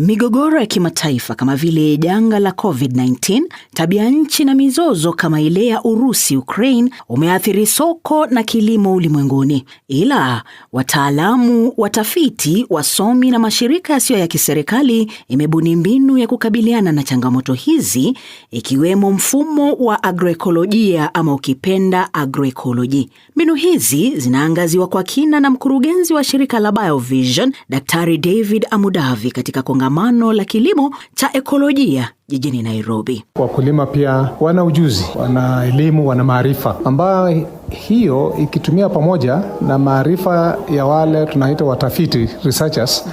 Migogoro ya kimataifa kama vile janga la COVID-19, tabia nchi na mizozo kama ile ya Urusi Ukraine umeathiri soko na kilimo ulimwenguni. Ila wataalamu, watafiti, wasomi na mashirika yasiyo ya kiserikali imebuni mbinu ya kukabiliana na changamoto hizi, ikiwemo mfumo wa agroekolojia ama ukipenda agroekoloji. Mbinu hizi zinaangaziwa kwa kina na mkurugenzi wa shirika la BioVision Daktari David Amudavi katika kongamano la kilimo cha ekolojia jijini Nairobi. Wakulima pia wana ujuzi, wana elimu, wana maarifa ambayo hiyo ikitumia pamoja na maarifa ya wale tunaita watafiti researchers,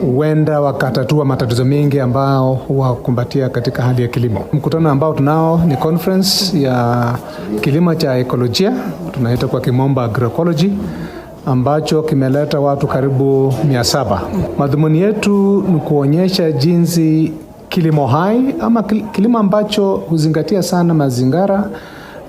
huenda wakatatua matatizo mengi ambao wakumbatia katika hali ya kilimo. Mkutano ambao tunao ni conference ya kilimo cha ekolojia, tunaita kwa kimomba agroecology ambacho kimeleta watu karibu mia saba. Madhumuni yetu ni kuonyesha jinsi kilimo hai ama kilimo ambacho huzingatia sana mazingira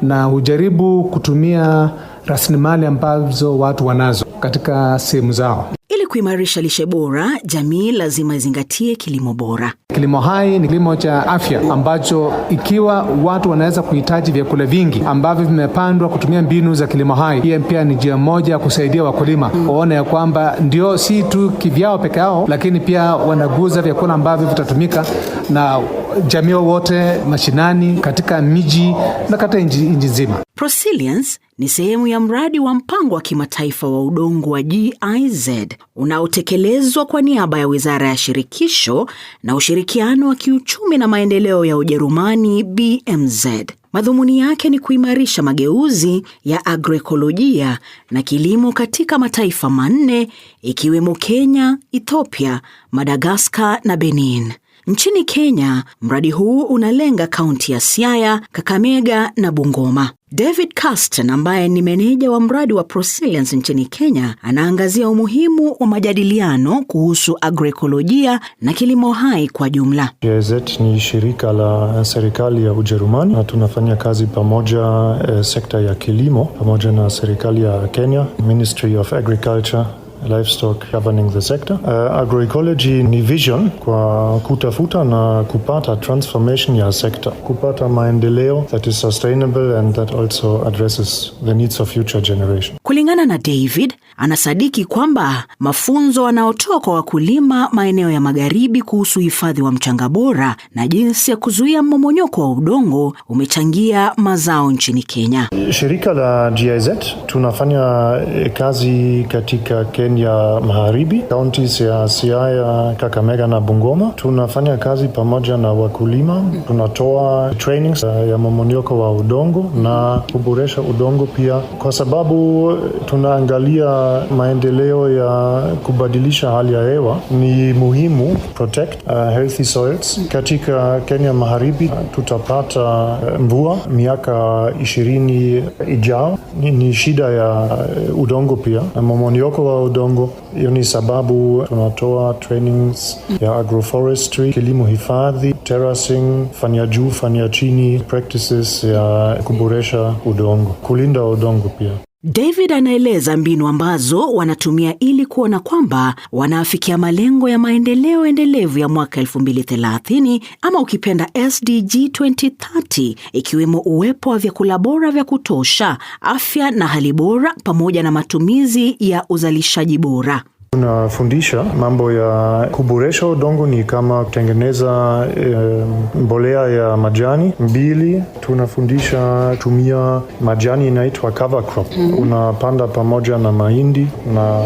na hujaribu kutumia rasilimali ambazo watu wanazo katika sehemu zao kuimarisha lishe bora, jamii lazima izingatie kilimo bora. Kilimo hai ni kilimo cha afya ambacho ikiwa watu wanaweza kuhitaji vyakula vingi ambavyo vimepandwa kutumia mbinu za kilimo hai, hiyo pia ni njia moja ya kusaidia wakulima waone mm. ya kwamba ndio si tu kivyao peke yao, lakini pia wanaguza vyakula ambavyo vitatumika na jamii wowote mashinani, katika miji na katika nchi nzima. Prosilience ni sehemu ya mradi wa mpango wa kimataifa wa udongo wa GIZ unaotekelezwa kwa niaba ya Wizara ya Shirikisho na Ushirikiano wa Kiuchumi na Maendeleo ya Ujerumani BMZ. Madhumuni yake ni kuimarisha mageuzi ya agroekolojia na kilimo katika mataifa manne ikiwemo Kenya, Ethiopia, Madagaskar na Benin. Nchini Kenya, mradi huu unalenga kaunti ya Siaya, Kakamega na Bungoma. David Caston ambaye ni meneja wa mradi wa Prosilience nchini Kenya anaangazia umuhimu wa majadiliano kuhusu agroekolojia na kilimo hai kwa jumla. GIZ ni shirika la serikali ya Ujerumani na tunafanya kazi pamoja, eh, sekta ya kilimo pamoja na serikali ya Kenya, Ministry of Agriculture livestock governing the sector. Uh, agroecology ni vision kwa kutafuta na kupata transformation ya sector, kupata maendeleo that is sustainable and that also addresses the needs of future generation. Kulingana na David, anasadiki kwamba mafunzo wanaotoa kwa wakulima maeneo ya magharibi kuhusu uhifadhi wa mchanga bora na jinsi ya kuzuia mmomonyoko wa udongo umechangia mazao nchini Kenya. Shirika la GIZ tunafanya eh, kazi katika Kenya kampeni ya Maharibi, kaunti ya Siaya, Kakamega na Bungoma. Tunafanya kazi pamoja na wakulima, tunatoa trainings uh, ya mmomonyoko wa udongo na kuboresha udongo pia, kwa sababu tunaangalia maendeleo ya kubadilisha hali ya hewa. Ni muhimu protect uh, healthy soils katika Kenya magharibi. Uh, tutapata uh, mvua miaka ishirini ijao. Ni, ni shida ya udongo pia, momonyoko wa udongo udongo. Hiyo ni sababu tunatoa trainings ya agroforestry, kilimo hifadhi, terracing, fanya juu fanya chini, practices ya kuboresha udongo, kulinda udongo pia. David anaeleza mbinu ambazo wanatumia ili kuona kwamba wanaafikia malengo ya maendeleo endelevu ya mwaka 2030 ama ukipenda SDG 2030 ikiwemo uwepo wa vyakula bora vya kutosha, afya na hali bora pamoja na matumizi ya uzalishaji bora. Tunafundisha mambo ya kuboresha udongo, ni kama kutengeneza e, mbolea ya majani mbili. Tunafundisha tumia majani inaitwa cover crop mm -hmm. Unapanda pamoja na mahindi na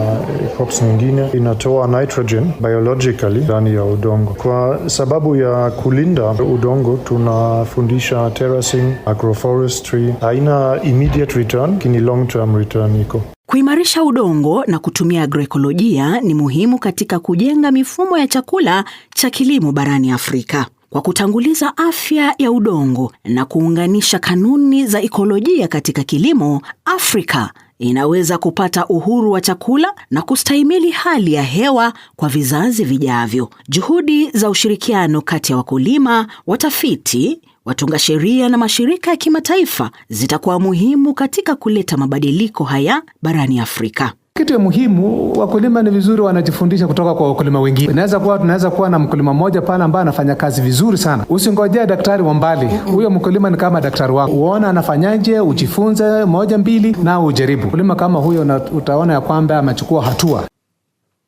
crops nyingine, inatoa nitrogen biologically ndani ya udongo. Kwa sababu ya kulinda udongo, tunafundisha terracing, agroforestry. Haina immediate return, kini long term return iko Kuimarisha udongo na kutumia agroekolojia ni muhimu katika kujenga mifumo ya chakula cha kilimo barani Afrika. Kwa kutanguliza afya ya udongo na kuunganisha kanuni za ikolojia katika kilimo, Afrika inaweza kupata uhuru wa chakula na kustahimili hali ya hewa kwa vizazi vijavyo. Juhudi za ushirikiano kati ya wakulima, watafiti watunga sheria na mashirika ya kimataifa zitakuwa muhimu katika kuleta mabadiliko haya barani Afrika. Kitu ya muhimu, wakulima ni vizuri wanajifundisha kutoka kwa wakulima wengine. Inaweza kuwa tunaweza kuwa na mkulima mmoja pale ambaye anafanya kazi vizuri sana, usingojea daktari wa mbali. Huyo mkulima ni kama daktari wako, uona anafanyaje, ujifunze moja mbili na ujaribu. Mkulima kama huyo na utaona ya kwamba amechukua hatua.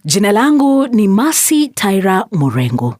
Jina langu ni Masi Taira Murengo.